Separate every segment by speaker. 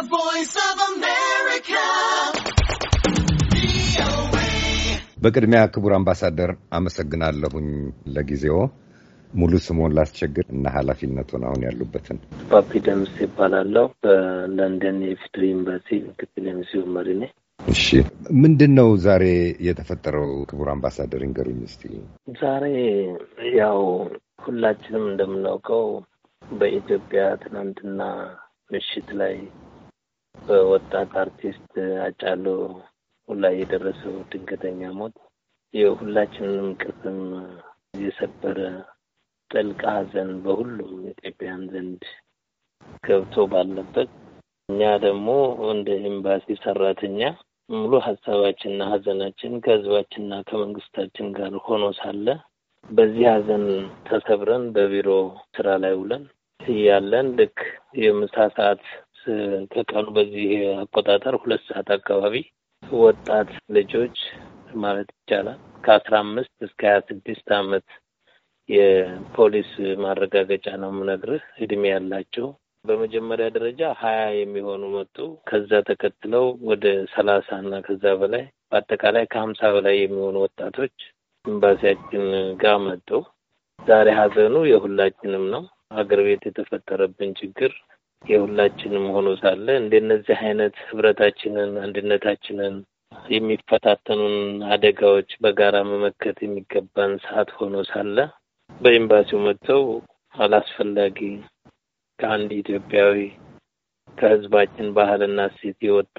Speaker 1: The Voice of America. በቅድሚያ ክቡር አምባሳደር አመሰግናለሁኝ። ለጊዜው ሙሉ ስሞን ላስቸግር እና ኃላፊነቱን አሁን ያሉበትን።
Speaker 2: ፓፒ ደምስ ይባላለሁ። በለንደን የፊትሪ ኤምባሲ ምክትል ኤምባሲው መሪ ነኝ።
Speaker 1: እሺ፣ ምንድን ነው ዛሬ የተፈጠረው? ክቡር አምባሳደር ይንገሩኝ እስቲ።
Speaker 2: ዛሬ ያው ሁላችንም እንደምናውቀው በኢትዮጵያ ትናንትና ምሽት ላይ በወጣት አርቲስት አጫለው ላይ የደረሰው ድንገተኛ ሞት የሁላችንንም ቅስም የሰበረ ጥልቅ ሐዘን በሁሉም ኢትዮጵያን ዘንድ ገብቶ ባለበት እኛ ደግሞ እንደ ኤምባሲ ሰራተኛ ሙሉ ሀሳባችንና ሀዘናችን ከህዝባችንና ከመንግስታችን ጋር ሆኖ ሳለ በዚህ ሀዘን ተሰብረን በቢሮ ስራ ላይ ውለን እያለን ልክ የምሳ ሰዓት ከቀኑ በዚህ አቆጣጠር ሁለት ሰዓት አካባቢ ወጣት ልጆች ማለት ይቻላል ከአስራ አምስት እስከ ሀያ ስድስት አመት የፖሊስ ማረጋገጫ ነው የምነግርህ እድሜ ያላቸው በመጀመሪያ ደረጃ ሀያ የሚሆኑ መጡ። ከዛ ተከትለው ወደ ሰላሳ እና ከዛ በላይ በአጠቃላይ ከሀምሳ በላይ የሚሆኑ ወጣቶች ኤምባሲያችን ጋር መጡ። ዛሬ ሀዘኑ የሁላችንም ነው። ሀገር ቤት የተፈጠረብን ችግር የሁላችንም ሆኖ ሳለ እንደነዚህ አይነት ህብረታችንን፣ አንድነታችንን የሚፈታተኑን አደጋዎች በጋራ መመከት የሚገባን ሰዓት ሆኖ ሳለ በኤምባሲው መጥተው አላስፈላጊ ከአንድ ኢትዮጵያዊ ከህዝባችን ባህልና እሴት የወጣ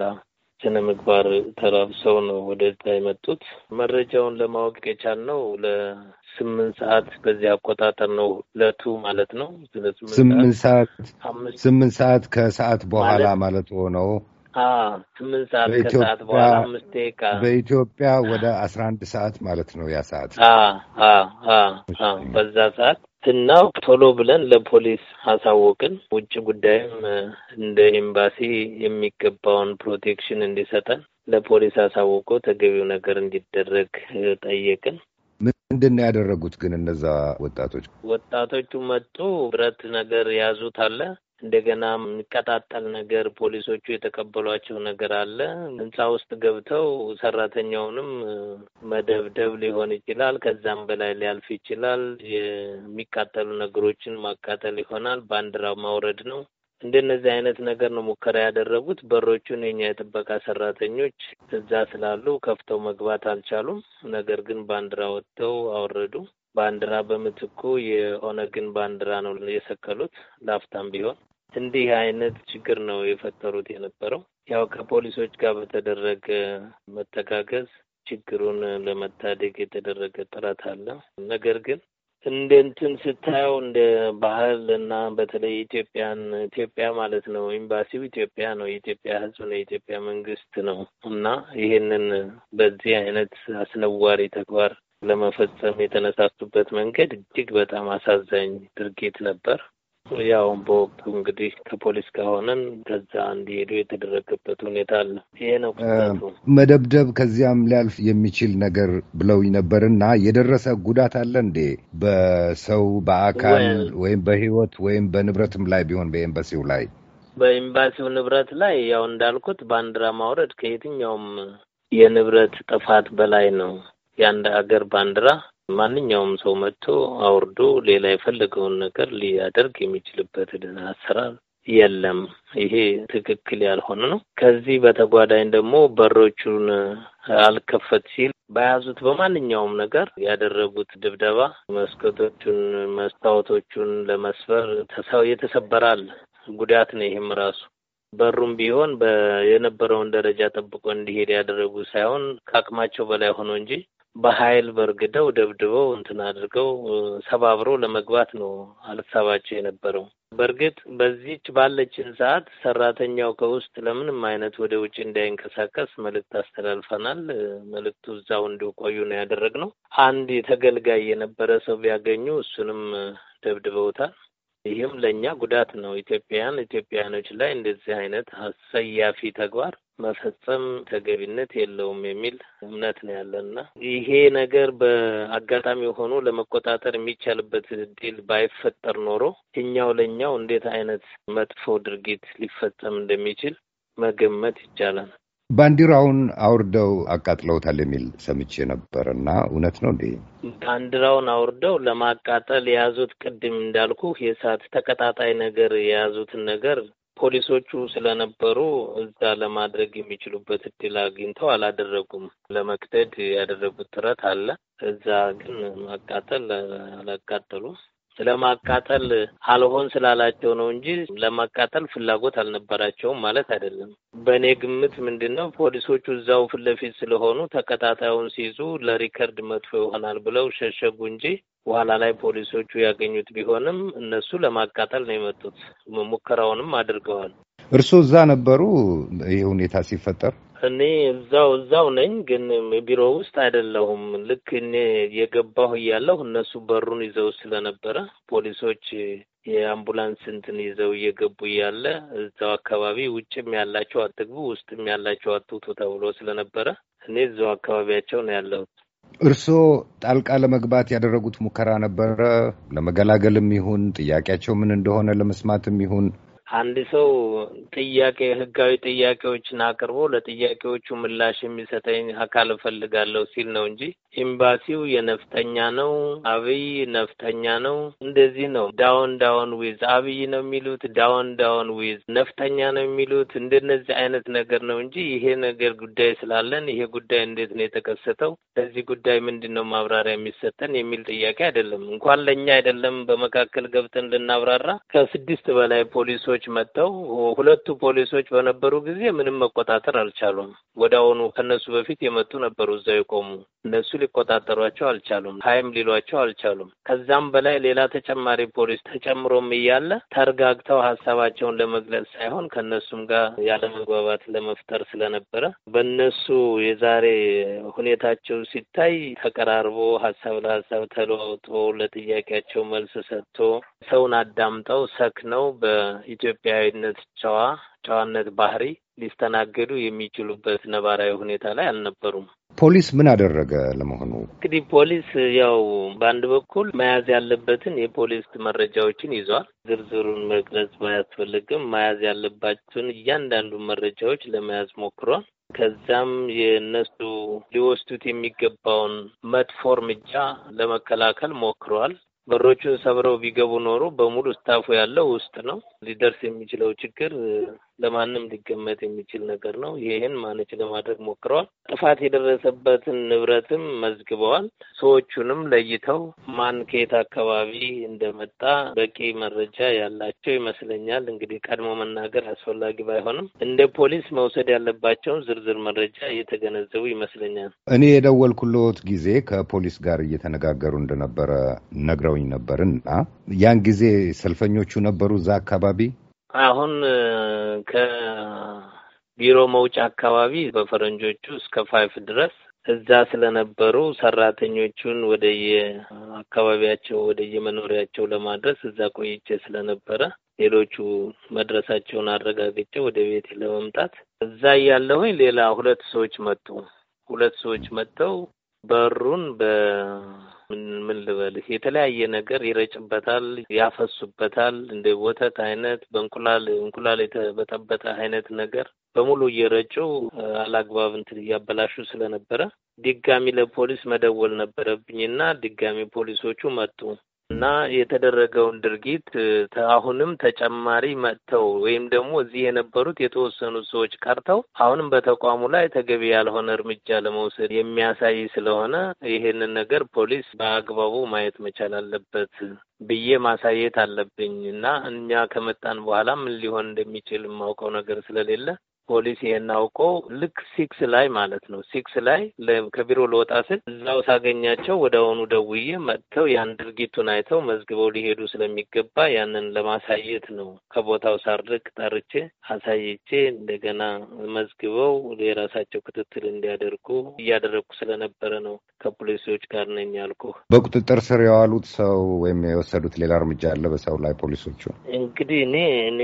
Speaker 2: ስነ ምግባር ተላብሰው ነው ወደዛ የመጡት። መረጃውን ለማወቅ የቻልነው ለስምንት ሰዓት በዚህ አቆጣጠር ነው ለቱ ማለት ነው። ስምንት
Speaker 1: ሰዓት ስምንት ከሰዓት በኋላ ማለት ሆነው
Speaker 2: ስምንት ሰዓት ከሰዓት በኋላ አምስት ደቂቃ
Speaker 1: በኢትዮጵያ ወደ አስራ አንድ ሰዓት ማለት ነው ያ ሰዓት
Speaker 2: በዛ ሰዓት ስናውቅ ቶሎ ብለን ለፖሊስ አሳወቅን። ውጭ ጉዳይም እንደ ኤምባሲ የሚገባውን ፕሮቴክሽን እንዲሰጠን ለፖሊስ አሳውቆ ተገቢው ነገር እንዲደረግ ጠየቅን።
Speaker 1: ምንድን ነው ያደረጉት ግን እነዛ ወጣቶች?
Speaker 2: ወጣቶቹ መጡ። ብረት ነገር ያዙት አለ እንደገና የሚቀጣጠል ነገር ፖሊሶቹ የተቀበሏቸው ነገር አለ። ህንፃ ውስጥ ገብተው ሰራተኛውንም
Speaker 1: መደብደብ
Speaker 2: ሊሆን ይችላል። ከዛም በላይ ሊያልፍ ይችላል። የሚቃጠሉ ነገሮችን ማቃጠል ይሆናል። ባንዲራ ማውረድ ነው። እንደነዚህ አይነት ነገር ነው ሙከራ ያደረጉት። በሮቹን የኛ የጥበቃ ሰራተኞች እዛ ስላሉ ከፍተው መግባት አልቻሉም። ነገር ግን ባንዲራ ወጥተው አወረዱ። ባንዲራ በምትኩ የኦነግን ባንዲራ ነው የሰቀሉት ላፍታም ቢሆን እንዲህ አይነት ችግር ነው የፈጠሩት የነበረው። ያው ከፖሊሶች ጋር በተደረገ መተጋገዝ ችግሩን ለመታደግ የተደረገ ጥረት አለ። ነገር ግን እንደ እንትን ስታየው እንደ ባህል እና በተለይ ኢትዮጵያን ኢትዮጵያ ማለት ነው ኤምባሲው ኢትዮጵያ ነው፣ የኢትዮጵያ ሕዝብ ነው፣ የኢትዮጵያ መንግስት ነው እና ይህንን በዚህ አይነት አስነዋሪ ተግባር ለመፈጸም የተነሳሱበት መንገድ እጅግ በጣም አሳዛኝ ድርጊት ነበር። ያውም በወቅቱ እንግዲህ ከፖሊስ ከሆነን ከዛ እንዲሄዱ የተደረገበት ሁኔታ አለ። ይሄ ነው
Speaker 1: መደብደብ፣ ከዚያም ሊያልፍ የሚችል ነገር ብለው ይነበርና የደረሰ ጉዳት አለ እንዴ? በሰው በአካል ወይም በህይወት ወይም በንብረትም ላይ ቢሆን በኤምባሲው ላይ
Speaker 2: በኤምባሲው ንብረት ላይ ያው እንዳልኩት ባንዲራ ማውረድ ከየትኛውም የንብረት ጥፋት በላይ ነው። የአንድ ሀገር ባንዲራ ማንኛውም ሰው መጥቶ አውርዶ ሌላ የፈለገውን ነገር ሊያደርግ የሚችልበት አሰራር የለም። ይሄ ትክክል ያልሆነ ነው። ከዚህ በተጓዳኝ ደግሞ በሮቹን አልከፈት ሲል በያዙት በማንኛውም ነገር ያደረጉት ድብደባ፣ መስኮቶቹን፣ መስታወቶቹን ለመስበር የተሰበራል ጉዳት ነው። ይህም ራሱ በሩም ቢሆን የነበረውን ደረጃ ጠብቆ እንዲሄድ ያደረጉ ሳይሆን ከአቅማቸው በላይ ሆኖ እንጂ በኃይል በርግደው ደብድበው እንትን አድርገው ሰባብረው ለመግባት ነው አልሳባቸው የነበረው። በእርግጥ በዚች ባለችን ሰዓት ሰራተኛው ከውስጥ ለምንም አይነት ወደ ውጭ እንዳይንቀሳቀስ መልእክት አስተላልፈናል። መልእክቱ እዛው እንዲቆዩ ነው ያደረግነው። አንድ የተገልጋይ የነበረ ሰው ቢያገኙ እሱንም ደብድበውታል። ይህም ለእኛ ጉዳት ነው። ኢትዮጵያውያን ኢትዮጵያውያኖች ላይ እንደዚህ አይነት አሰያፊ ተግባር መፈጸም ተገቢነት የለውም የሚል እምነት ነው ያለን ይሄ ነገር በአጋጣሚ ሆኖ ለመቆጣጠር የሚቻልበት እድል ባይፈጠር ኖሮ እኛው ለእኛው እንዴት አይነት መጥፎ ድርጊት ሊፈጸም እንደሚችል መገመት ይቻላል።
Speaker 1: ባንዲራውን አውርደው አቃጥለውታል የሚል ሰምቼ ነበር እና እውነት ነው እንዴ?
Speaker 2: ባንዲራውን አውርደው ለማቃጠል የያዙት ቅድም እንዳልኩ የእሳት ተቀጣጣይ ነገር የያዙትን ነገር ፖሊሶቹ ስለነበሩ እዛ ለማድረግ የሚችሉበት እድል አግኝተው አላደረጉም። ለመክደድ ያደረጉት ጥረት አለ። እዛ ግን ማቃጠል አላቃጠሉም። ለማቃጠል አልሆን ስላላቸው ነው እንጂ ለማቃጠል ፍላጎት አልነበራቸውም ማለት አይደለም። በእኔ ግምት ምንድን ነው ፖሊሶቹ እዛው ፊት ለፊት ስለሆኑ ተከታታዩን ሲይዙ ለሪከርድ መጥፎ ይሆናል ብለው ሸሸጉ እንጂ በኋላ ላይ ፖሊሶቹ ያገኙት ቢሆንም እነሱ ለማቃጠል ነው የመጡት። ሙከራውንም አድርገዋል።
Speaker 1: እርስዎ እዛ ነበሩ ይህ ሁኔታ ሲፈጠር?
Speaker 2: እኔ እዛው እዛው ነኝ፣ ግን ቢሮ ውስጥ አይደለሁም። ልክ እኔ የገባሁ እያለሁ እነሱ በሩን ይዘው ስለነበረ ፖሊሶች የአምቡላንስ እንትን ይዘው እየገቡ እያለ እዛው አካባቢ ውጭም ያላቸው አትግቡ፣ ውስጥም ያላቸው አትውጡ ተብሎ ስለነበረ እኔ እዛው አካባቢያቸው ነው ያለሁት።
Speaker 1: እርስዎ ጣልቃ ለመግባት ያደረጉት ሙከራ ነበረ? ለመገላገልም ይሁን ጥያቄያቸው ምን እንደሆነ ለመስማትም ይሁን
Speaker 2: አንድ ሰው ጥያቄ ህጋዊ ጥያቄዎችን አቅርቦ ለጥያቄዎቹ ምላሽ የሚሰጠኝ አካል እፈልጋለሁ ሲል ነው እንጂ ኤምባሲው የነፍጠኛ ነው፣ አብይ ነፍጠኛ ነው፣ እንደዚህ ነው፣ ዳውን ዳውን ዊዝ አብይ ነው የሚሉት፣ ዳውን ዳውን ዊዝ ነፍጠኛ ነው የሚሉት፣ እንደነዚህ አይነት ነገር ነው እንጂ ይሄ ነገር ጉዳይ ስላለን ይሄ ጉዳይ እንዴት ነው የተከሰተው፣ ለዚህ ጉዳይ ምንድን ነው ማብራሪያ የሚሰጠን የሚል ጥያቄ አይደለም። እንኳን ለእኛ አይደለም በመካከል ገብተን ልናብራራ ከስድስት በላይ ፖሊሶች ፖሊሶች መጥተው ሁለቱ ፖሊሶች በነበሩ ጊዜ ምንም መቆጣጠር አልቻሉም። ወደ አሁኑ ከነሱ በፊት የመጡ ነበሩ እዛው የቆሙ እነሱ ሊቆጣጠሯቸው አልቻሉም። ሀይም ሊሏቸው አልቻሉም። ከዛም በላይ ሌላ ተጨማሪ ፖሊስ ተጨምሮም እያለ ተረጋግተው ሀሳባቸውን ለመግለጽ ሳይሆን ከእነሱም ጋር ያለመግባባት ለመፍጠር ስለነበረ በእነሱ የዛሬ ሁኔታቸው ሲታይ ተቀራርቦ ሀሳብ ለሀሳብ ተለዋውጦ ለጥያቄያቸው መልስ ሰጥቶ ሰውን አዳምጠው ሰክነው በኢትዮጵያዊነት ጨዋ ጨዋነት ባህሪ ሊስተናገዱ የሚችሉበት ነባራዊ ሁኔታ ላይ አልነበሩም።
Speaker 1: ፖሊስ ምን አደረገ
Speaker 2: ለመሆኑ? እንግዲህ ፖሊስ ያው በአንድ በኩል መያዝ ያለበትን የፖሊስ መረጃዎችን ይዟል። ዝርዝሩን መግለጽ ባያስፈልግም መያዝ ያለባቸውን እያንዳንዱ መረጃዎች ለመያዝ ሞክሯል። ከዛም የእነሱ ሊወስዱት የሚገባውን መጥፎ እርምጃ ለመከላከል ሞክረዋል። በሮቹን ሰብረው ቢገቡ ኖሮ በሙሉ ስታፉ ያለው ውስጥ ነው ሊደርስ የሚችለው ችግር ለማንም ሊገመት የሚችል ነገር ነው። ይህን ማነች ለማድረግ ሞክረዋል። ጥፋት የደረሰበትን ንብረትም መዝግበዋል። ሰዎቹንም ለይተው ማን ከየት አካባቢ እንደመጣ በቂ መረጃ ያላቸው ይመስለኛል። እንግዲህ ቀድሞ መናገር አስፈላጊ ባይሆንም እንደ ፖሊስ መውሰድ ያለባቸውን ዝርዝር መረጃ እየተገነዘቡ ይመስለኛል።
Speaker 1: እኔ የደወልኩልዎት ጊዜ ከፖሊስ ጋር እየተነጋገሩ እንደነበረ ነግረውኝ ነበርና ያን ጊዜ ሰልፈኞቹ ነበሩ እዛ አካባቢ
Speaker 2: አሁን ከቢሮ መውጫ አካባቢ በፈረንጆቹ እስከ ፋይፍ ድረስ እዛ ስለነበሩ ሰራተኞቹን ወደ የአካባቢያቸው ወደ የመኖሪያቸው ለማድረስ እዛ ቆይቼ ስለነበረ ሌሎቹ መድረሳቸውን አረጋግጬ ወደ ቤቴ ለመምጣት እዛ እያለሁኝ ሌላ ሁለት ሰዎች መጡ። ሁለት ሰዎች መጥተው በሩን በ ምን ልበልህ የተለያየ ነገር ይረጭበታል፣ ያፈሱበታል። እንደ ወተት አይነት በእንቁላል እንቁላል የተበጠበጠ አይነት ነገር በሙሉ እየረጩ አላግባብ እንትን እያበላሹ ስለነበረ ድጋሚ ለፖሊስ መደወል ነበረብኝና ድጋሚ ፖሊሶቹ መጡ። እና የተደረገውን ድርጊት አሁንም ተጨማሪ መጥተው ወይም ደግሞ እዚህ የነበሩት የተወሰኑ ሰዎች ቀርተው አሁንም በተቋሙ ላይ ተገቢ ያልሆነ እርምጃ ለመውሰድ የሚያሳይ ስለሆነ ይሄንን ነገር ፖሊስ በአግባቡ ማየት መቻል አለበት ብዬ ማሳየት አለብኝ እና እኛ ከመጣን በኋላ ምን ሊሆን እንደሚችል የማውቀው ነገር ስለሌለ ፖሊስ ይሄን አውቆ ልክ ሲክስ ላይ ማለት ነው ሲክስ ላይ ከቢሮ ልወጣ ስል እዛው ሳገኛቸው ወደ አሁኑ ደውዬ መጥተው ያን ድርጊቱን አይተው መዝግበው ሊሄዱ ስለሚገባ ያንን ለማሳየት ነው ከቦታው ሳርቅ ጠርቼ አሳይቼ እንደገና መዝግበው የራሳቸው ክትትል እንዲያደርጉ እያደረግኩ ስለነበረ ነው ከፖሊሶች ጋር ነኝ ያልኩ።
Speaker 1: በቁጥጥር ስር የዋሉት ሰው ወይም የወሰዱት ሌላ እርምጃ አለ በሰው ላይ ፖሊሶቹ?
Speaker 2: እንግዲህ እኔ እኔ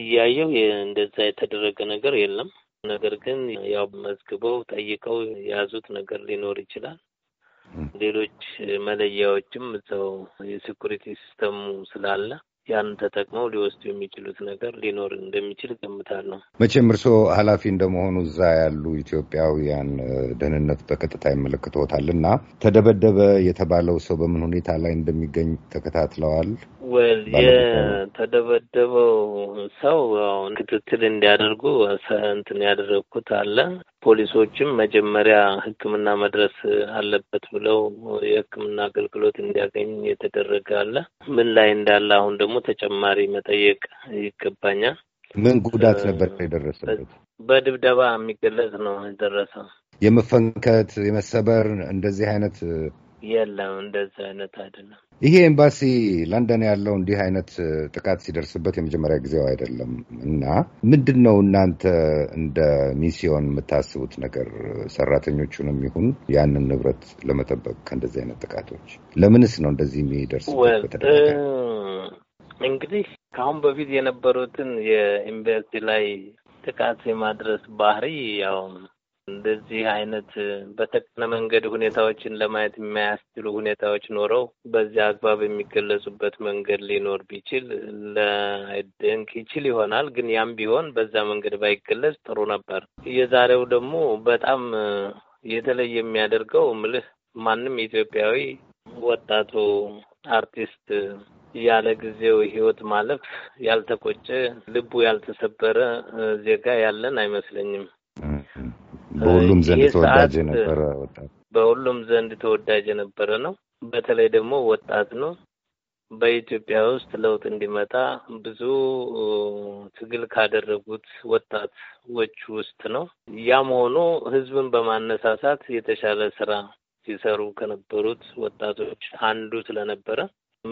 Speaker 2: እያየው እንደዛ የተደረገ ነገር የለም። ነገር ግን ያው መዝግበው ጠይቀው የያዙት ነገር ሊኖር ይችላል። ሌሎች መለያዎችም እዛው የሴኩሪቲ ሲስተሙ ስላለ ያን ተጠቅመው ሊወስዱ የሚችሉት ነገር ሊኖር እንደሚችል ገምታለሁ።
Speaker 1: መቼም እርስዎ ኃላፊ እንደመሆኑ እዛ ያሉ ኢትዮጵያውያን ደህንነት በቀጥታ ይመለከተዎታል እና ተደበደበ የተባለው ሰው በምን ሁኔታ ላይ እንደሚገኝ ተከታትለዋል?
Speaker 2: ወል የተደበደበው ሰው አሁን ክትትል እንዲያደርጉ እንትን ያደረግኩት አለ። ፖሊሶችም መጀመሪያ ሕክምና መድረስ አለበት ብለው የሕክምና አገልግሎት እንዲያገኝ የተደረገ አለ። ምን ላይ እንዳለ አሁን ደግሞ ተጨማሪ መጠየቅ ይገባኛል።
Speaker 1: ምን ጉዳት ነበር የደረሰበት?
Speaker 2: በድብደባ የሚገለጽ ነው የደረሰው።
Speaker 1: የመፈንከት የመሰበር እንደዚህ አይነት
Speaker 2: የለም እንደዚህ አይነት አይደለም።
Speaker 1: ይሄ ኤምባሲ ለንደን ያለው እንዲህ አይነት ጥቃት ሲደርስበት የመጀመሪያ ጊዜው አይደለም እና ምንድን ነው እናንተ እንደ ሚስዮን የምታስቡት ነገር ሰራተኞቹንም ይሁን ያንን ንብረት ለመጠበቅ ከእንደዚህ አይነት ጥቃቶች ለምንስ ነው እንደዚህ የሚደርስበት?
Speaker 2: እንግዲህ ከአሁን በፊት የነበሩትን የኤምባሲ ላይ ጥቃት የማድረስ ባህሪ ያው እንደዚህ አይነት በተቀነ መንገድ ሁኔታዎችን ለማየት የሚያስችሉ ሁኔታዎች ኖረው በዚያ አግባብ የሚገለጹበት መንገድ ሊኖር ቢችል ላይደንቅ ይችል ይሆናል። ግን ያም ቢሆን በዛ መንገድ ባይገለጽ ጥሩ ነበር። የዛሬው ደግሞ በጣም የተለየ የሚያደርገው ምልህ ማንም ኢትዮጵያዊ ወጣቱ አርቲስት ያለ ጊዜው ህይወት ማለፍ ያልተቆጨ ልቡ ያልተሰበረ ዜጋ ያለን አይመስለኝም።
Speaker 1: በሁሉም ዘንድ ተወዳጅ የነበረ ወጣት
Speaker 2: በሁሉም ዘንድ ተወዳጅ የነበረ ነው። በተለይ ደግሞ ወጣት ነው። በኢትዮጵያ ውስጥ ለውጥ እንዲመጣ ብዙ ትግል ካደረጉት ወጣቶች ውስጥ ነው። ያም ሆኖ ህዝብን በማነሳሳት የተሻለ ስራ ሲሰሩ ከነበሩት ወጣቶች አንዱ ስለነበረ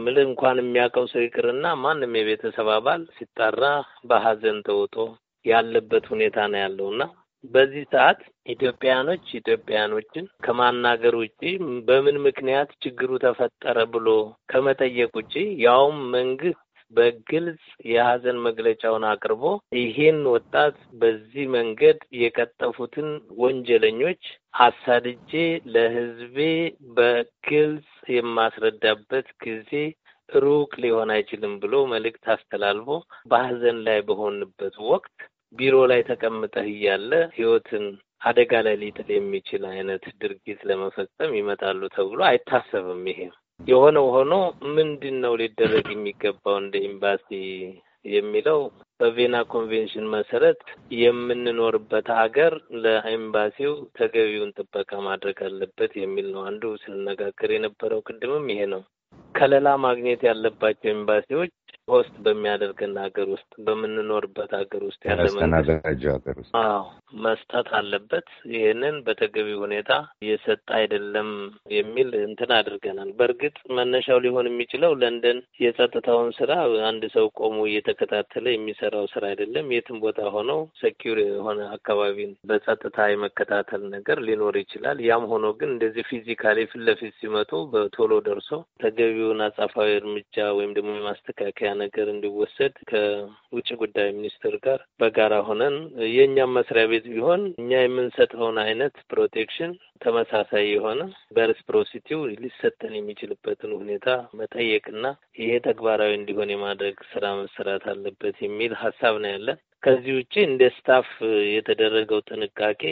Speaker 2: ምልህ እንኳን የሚያውቀው ሰው ይቅርና ማንም የቤተሰብ አባል ሲጣራ በሀዘን ተውጦ ያለበት ሁኔታ ነው ያለውና በዚህ ሰዓት ኢትዮጵያኖች ኢትዮጵያኖችን ከማናገር ውጭ በምን ምክንያት ችግሩ ተፈጠረ ብሎ ከመጠየቅ ውጭ ያውም መንግስት በግልጽ የሀዘን መግለጫውን አቅርቦ ይሄን ወጣት በዚህ መንገድ የቀጠፉትን ወንጀለኞች አሳድጄ ለሕዝቤ በግልጽ የማስረዳበት ጊዜ ሩቅ ሊሆን አይችልም ብሎ መልእክት አስተላልፎ በሀዘን ላይ በሆንበት ወቅት ቢሮ ላይ ተቀምጠህ እያለ ህይወትን አደጋ ላይ ሊጥል የሚችል አይነት ድርጊት ለመፈጸም ይመጣሉ ተብሎ አይታሰብም። ይሄ የሆነው ሆኖ ምንድን ነው ሊደረግ የሚገባው እንደ ኤምባሲ የሚለው በቬና ኮንቬንሽን መሰረት የምንኖርበት ሀገር ለኤምባሲው ተገቢውን ጥበቃ ማድረግ አለበት የሚል ነው። አንዱ ስንነጋገር የነበረው ቅድምም ይሄ ነው። ከለላ ማግኘት ያለባቸው ኤምባሲዎች ሆስት በሚያደርገን ሀገር ውስጥ በምንኖርበት ሀገር ውስጥ ያለ አዎ መስጠት አለበት። ይህንን በተገቢ ሁኔታ እየሰጠ አይደለም የሚል እንትን አድርገናል። በእርግጥ መነሻው ሊሆን የሚችለው ለንደን የጸጥታውን ስራ አንድ ሰው ቆሞ እየተከታተለ የሚሰራው ስራ አይደለም። የትም ቦታ ሆነው ሰኪር የሆነ አካባቢን በጸጥታ የመከታተል ነገር ሊኖር ይችላል። ያም ሆኖ ግን እንደዚህ ፊዚካሊ ፊት ለፊት ሲመጡ በቶሎ ደርሶ ተገቢ ተገቢውን አጻፋዊ እርምጃ ወይም ደግሞ የማስተካከያ ነገር እንዲወሰድ ከውጭ ጉዳይ ሚኒስትር ጋር በጋራ ሆነን የእኛም መስሪያ ቤት ቢሆን እኛ የምንሰጠውን አይነት ፕሮቴክሽን ተመሳሳይ የሆነ በሬስፕሮሲቲው ሊሰጠን የሚችልበትን ሁኔታ መጠየቅና ይሄ ተግባራዊ እንዲሆን የማድረግ ስራ መሰራት አለበት የሚል ሀሳብ ነው ያለን። ከዚህ ውጭ እንደ ስታፍ የተደረገው ጥንቃቄ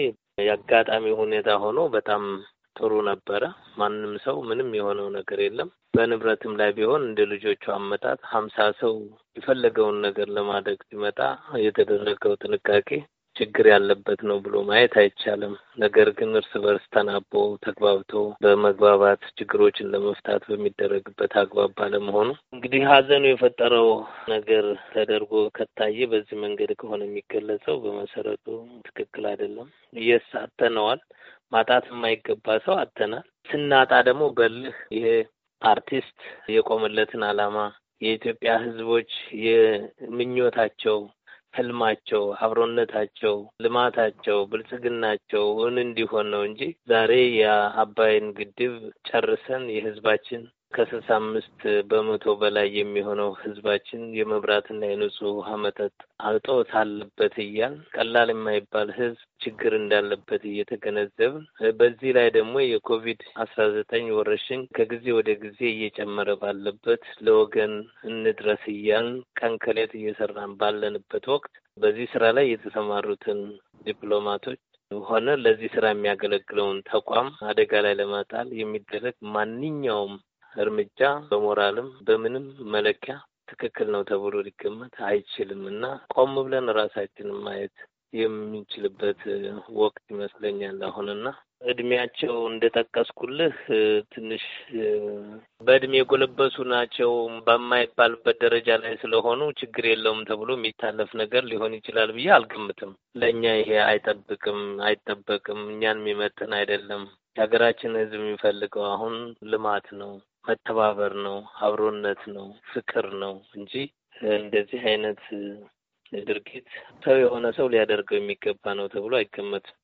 Speaker 2: የአጋጣሚ ሁኔታ ሆኖ በጣም ጥሩ ነበረ። ማንም ሰው ምንም የሆነው ነገር የለም። በንብረትም ላይ ቢሆን እንደ ልጆቹ አመጣት ሀምሳ ሰው የፈለገውን ነገር ለማድረግ ሲመጣ የተደረገው ጥንቃቄ ችግር ያለበት ነው ብሎ ማየት አይቻልም። ነገር ግን እርስ በርስ ተናቦ ተግባብቶ በመግባባት ችግሮችን ለመፍታት በሚደረግበት አግባብ ባለመሆኑ እንግዲህ ሀዘኑ የፈጠረው ነገር ተደርጎ ከታየ በዚህ መንገድ ከሆነ የሚገለጸው በመሰረቱ ትክክል አይደለም። እየሳተነዋል ማጣት የማይገባ ሰው አተናል። ስናጣ ደግሞ በልህ ይሄ አርቲስት የቆመለትን ዓላማ የኢትዮጵያ ሕዝቦች የምኞታቸው ህልማቸው፣ አብሮነታቸው፣ ልማታቸው፣ ብልጽግናቸው እውን እንዲሆን ነው እንጂ ዛሬ የአባይን ግድብ ጨርሰን የህዝባችን ከስልሳ አምስት በመቶ በላይ የሚሆነው ህዝባችን የመብራትና የንጹህ ውሃ መጠጥ እጦት አለበት እያል ቀላል የማይባል ህዝብ ችግር እንዳለበት እየተገነዘብ በዚህ ላይ ደግሞ የኮቪድ አስራ ዘጠኝ ወረርሽኝ ከጊዜ ወደ ጊዜ እየጨመረ ባለበት ለወገን እንድረስ እያል ቀን ከሌት እየሰራን ባለንበት ወቅት በዚህ ስራ ላይ የተሰማሩትን ዲፕሎማቶች ሆነ ለዚህ ስራ የሚያገለግለውን ተቋም አደጋ ላይ ለማጣል የሚደረግ ማንኛውም እርምጃ በሞራልም በምንም መለኪያ ትክክል ነው ተብሎ ሊገመት አይችልም እና ቆም ብለን ራሳችንን ማየት የምንችልበት ወቅት ይመስለኛል አሁንና እድሜያቸው እንደጠቀስኩልህ ትንሽ በእድሜ የጎለበሱ ናቸው በማይባልበት ደረጃ ላይ ስለሆኑ ችግር የለውም ተብሎ የሚታለፍ ነገር ሊሆን ይችላል ብዬ አልገምትም። ለእኛ ይሄ አይጠብቅም አይጠበቅም፣ እኛን የሚመጥን አይደለም። የሀገራችን ሕዝብ የሚፈልገው አሁን ልማት ነው፣ መተባበር ነው፣ አብሮነት ነው፣ ፍቅር ነው እንጂ እንደዚህ አይነት ድርጊት ሰው የሆነ ሰው ሊያደርገው የሚገባ ነው ተብሎ አይገመትም።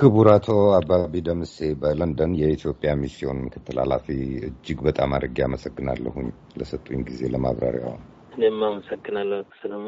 Speaker 1: ክቡር አቶ አባቢ ደምሴ በለንደን የኢትዮጵያ ሚስዮን ምክትል ኃላፊ፣ እጅግ በጣም አድርጌ አመሰግናለሁኝ ለሰጡኝ ጊዜ ለማብራሪያው።
Speaker 2: እኔም አመሰግናለሁ ስለሙ